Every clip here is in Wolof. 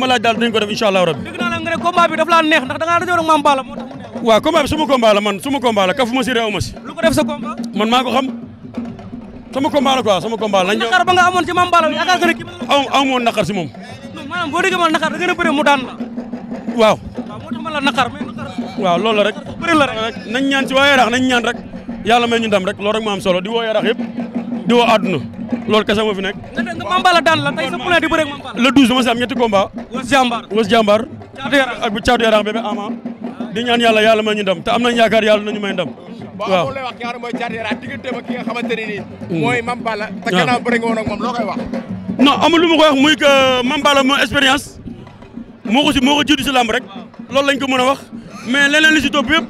ma laaj daal dañ ko def incha allah rabbi. dégg bi daf laa neex man suma combat la kafu ma si réew ma man maa ko xam sama combat la quoi sama combat la. naqar ba nga amoon ci Mame Balla aw aw ma si moom. maanaam boo da nga ne bëre mu daan la. waaw. waaw moo tax ma la naqar mais naqar. waaw loolu la rek. bëri la rek nañ si waa Yaraax nañ ñaan rek yàlla may ñu ndam rek loolu rek moo solo di woo Yaraax yëpp di woo àdduna loolu kese moo fi nekk. nga dégg Mame Balla daan la tey sa poulain di bëre ak si am ñetti combat. Wës Jàmbaar Wës Jàmbaar. Caatu di ñaan yàlla yàlla may ñu ndam am nañu yaakaar yàlla nañu may ndam. waaw mm. non amul lu ma ko wax muy que Mame Balla moo expérience moo ko si moo ko jiitu si rek loolu lañ ko mën a wax mais leneen li si topp yëpp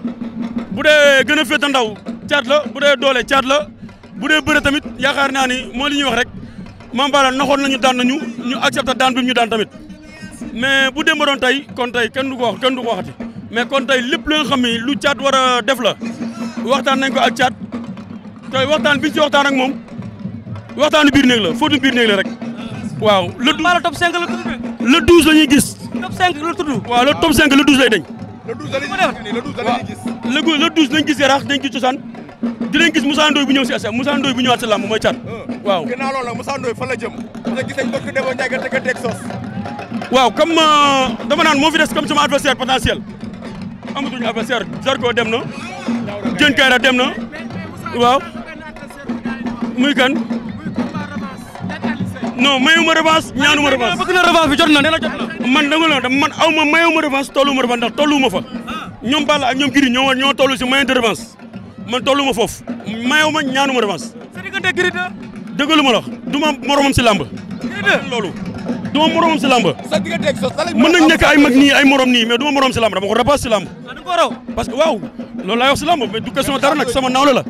bu dee gën a la bu dee doole caat la bu dee bëre tamit yaakaar naa ni mooy li ñuy wax rek Mame Balla naxoon ñu daan nañu ñu accepté daan bi ñu daan tamit mais bu démb doon tey kon tey kenn du ko wax kenn du ko waxati mais kon tey lépp lu xam ni lu caat war a def la waxtaan nañ ko ak caat tey waxtaan bi ci waxtaan ak moom waxtaanu biir néeg la fóotu biir néeg la rek waaw. la douze Balla top 5 la tudd. le douze la ñuy gis. top 5 la tudd. waaw le top 5 la douze lay dañ. le douze la ñuy la ñuy gis. le douze nañ gis gis cosaan. dinañ gis Moussa Ndoye bu ñëw si asam Moussa Ndoye bu ñëwaat si làmb mooy cat ah. waaw ginnaaw a Moussa Ndoye fa la jëm parce que gis nañ euh, dama naan moo fi des comme sama adversaire potentiel amatuñu adversaire Zarko dem na Diène Kaïré dem na waaw muy kan non mayuma revanche ñaanuma revanche bëgg na revanche bi jot na nee na jot na man danga la man aw ma mayuma revanche tolluma revanche fa ah. ñoom Balla ak ñoom Giri ñoo ñoo si moyen de man tollu ma foofu mayewu ma ñaanu ma revanche. sa ma la wax du ma si làmb. Gris 2 du ma moromam si lamb sa diggante ak sos sa mën nañ nekk ay mag nii ay morom nii mais du ma si làmb dama si làmb. Ah, parce que waaw loolu si làmb mais du question dara sama nawle la.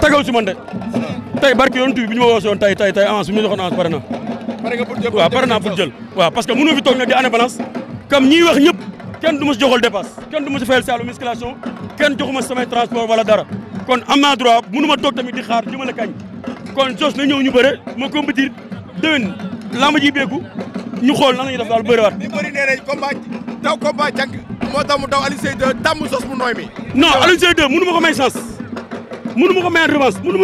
tagaw si man de. tey barki yoon tuuti bi ñu ma woo si woon tey tey tey avance bi ñu joxoon avance na pare nga pour jël waaw pare naa pour jël waaw parce que mënoo fi toog nag di année balance comme ñiy wax ñëpp kenn du ma si joxal dépasse kenn du ma si fayal saalu kenn joxuma samay transport wala dara kon am naa droit mënu ma toog tamit di xaar jëmale kañ kon jos na ñëw ñu bëre ma compétir déwén lamba ji beeku ñu xool nan na ñuy def daal bëriwaat. li bëri nee nañ combat daw combat càgg moo tax mu daw Alioune Seye 2 tàmm sos mu nooy mi. non Alioune Seye 2 mënu ma ko may chance mënu ma ko may revanche mënu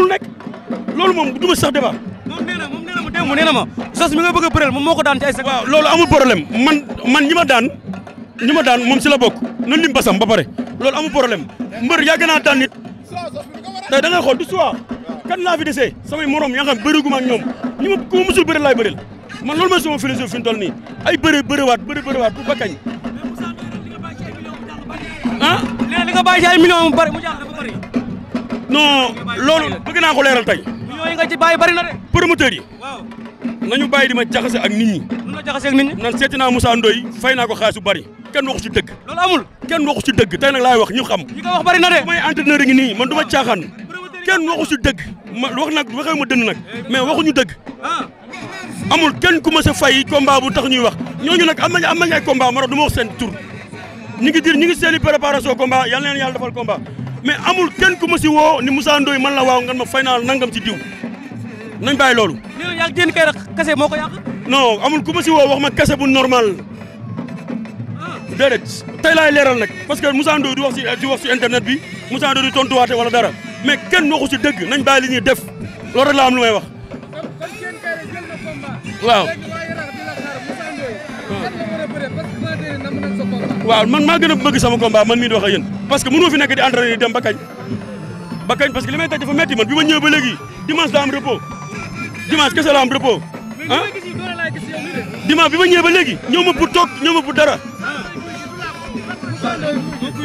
ma lu ma sax débat démb nee na ma sos mi a bëreel moom moo ko daan ci ay sa waaw loolu amul problème man man ñi ma daan ñi ma daan moom si la bokk na lim basam ba pare loolu amul problème mbër yàgg naa daan nit tey da ngay du soir kan laa fi desee samay morom yaa xam bëri gu ma ak ñoom ñi ma ma loolu mooy sama philosophie fi ñu toll nii ay bëri bëriwaat bu bakkañ ah léegi li nga bàyyi ci mu bari mu jàll dafa bari non loolu bëgg naa ko leeral tey millions yi nga ci bàyyi bari na de yi nañu bàyyi di ma jaxase ak nit ñi. lu la jaxase ak nit seeti naa Moussa Ndoye fay naa ko xaalis bu bëri kenn waxu ci dëgg. loolu amul kenn dëgg tey nag laay wax ñu xam. ñi ko wax bëri na de. bu may entraîneur ngi nii man du ma caaxaan kenn waxu ci dëgg ma wax nag waxee ma dënn eh. dëgg. Ah. amul kenn ku ma sa fay combat bu tax ñuy wax ñooñu nag am nañu am nañu ay combat ma du ma wax seen tur ñi ngi dir ñi ngi seen i préparation combat yal na leen yàlla defal combat mais amul kenn ku ma si woo ni Moussa Ndoye man la waaw ngan ma fay naa nangam ci diw nañ bàyyi loolu. nee na yaa ngi génn kay rek kase moo ko yàq. non amul ku ma si woo wax ma kase bu normal ah. déedéet tey laay leeral nag parce que Moussa Ndoye di wax si internet bi Moussa Ndoye di tontuwaate wala dara mais kenn waxu si dëgg nañ bàyyi li ñuy def loolu rek am lu may wax. waaw. Ah. waaw man maa gën a bëgg sama combat man mii di wax ak yéen parce que mënoo fi nekk di entraîné di dem ba kañ ba kañ parce que li may man bi ma ñëwee ba léegi dimanche daa am repos. dimanche kese la am repos. Ah? bi ma ñëwee ba léegi ñëw ma pour toog ñëw ma pour dara.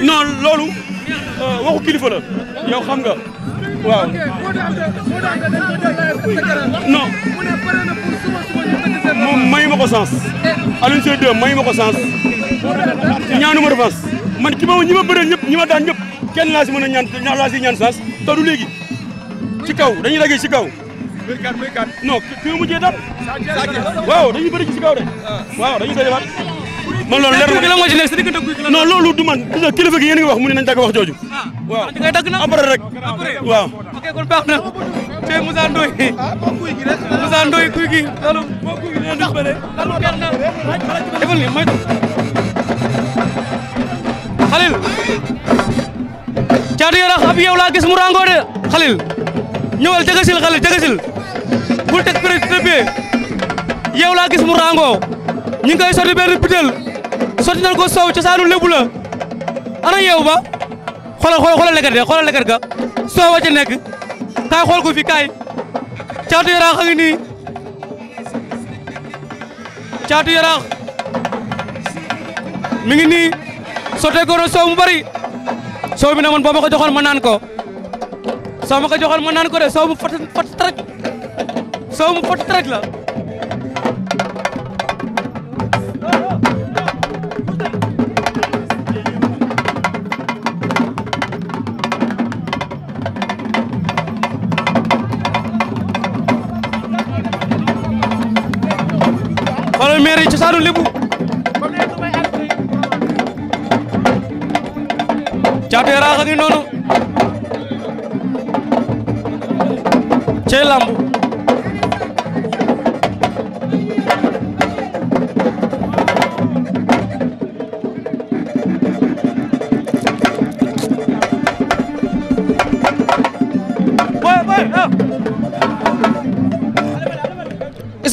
non loolu euh, waxu kilifa la yow xam nga waaw. non moom may ma ko sens. Eh. Alioune Seye 2 may ma ko sens ñaanuma revanche man ki ma ñi ma bëreel ñëpp ñi ma daan ñëpp kenn laa si mën a ñaan laa si ñaan sens léegi ci kaw dañuy lagee ci kaw. muy kan muy kan. non ki nga mujjee daan. waaw dañuy bëri ci kaw de. waaw dañuy bëri waat. man loolu leer na la moo ci nekk sa diggante guy non loolu du man gis kilifa gi yéen a ngi wax mu ne nañ dagg wax jooju. Ah, waaw ngay dagg na après rek. waaw. ok kon baax na. tey Moussa Ndoye. Ah, Moussa Ndoye guy gi. loolu moo guy gi dina dugg bële. loolu leer na. defal ni moytu. Khalil. Caatu Yaraax ab yow laa gis mu ràngoo de Khalil ñëwal jëgasil Khalil jëgasil bul teg prix de bien yow laa gis mu rangoo ñu ngi koy sotti benn butéel sotti nañ ko sow cosaanu lébu la ana yow ba xoolal xoolal xoolal lekkat de xoolal ga soow a nekk kaay xool ko fi kaay caatu yaraax a ngi caatu yaraax mi ngi nii sottee ko soow mu bari soow mi na man boo ma ko joxoon ma naan ko soo ma ko joxoon ma naan ko de soow mu fat fat rek soow mu pot rek cosaanu lébu caatu yaraax a noonu cey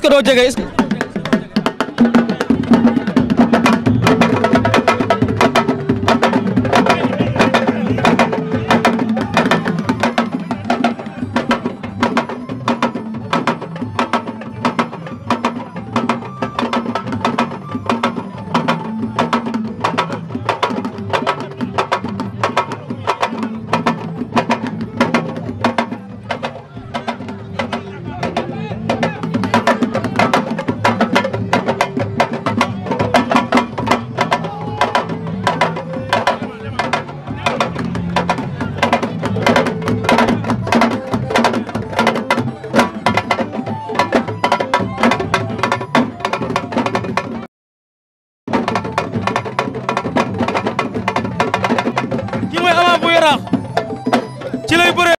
est-ce que doo jege est-ce que. yaraax ci lay bëree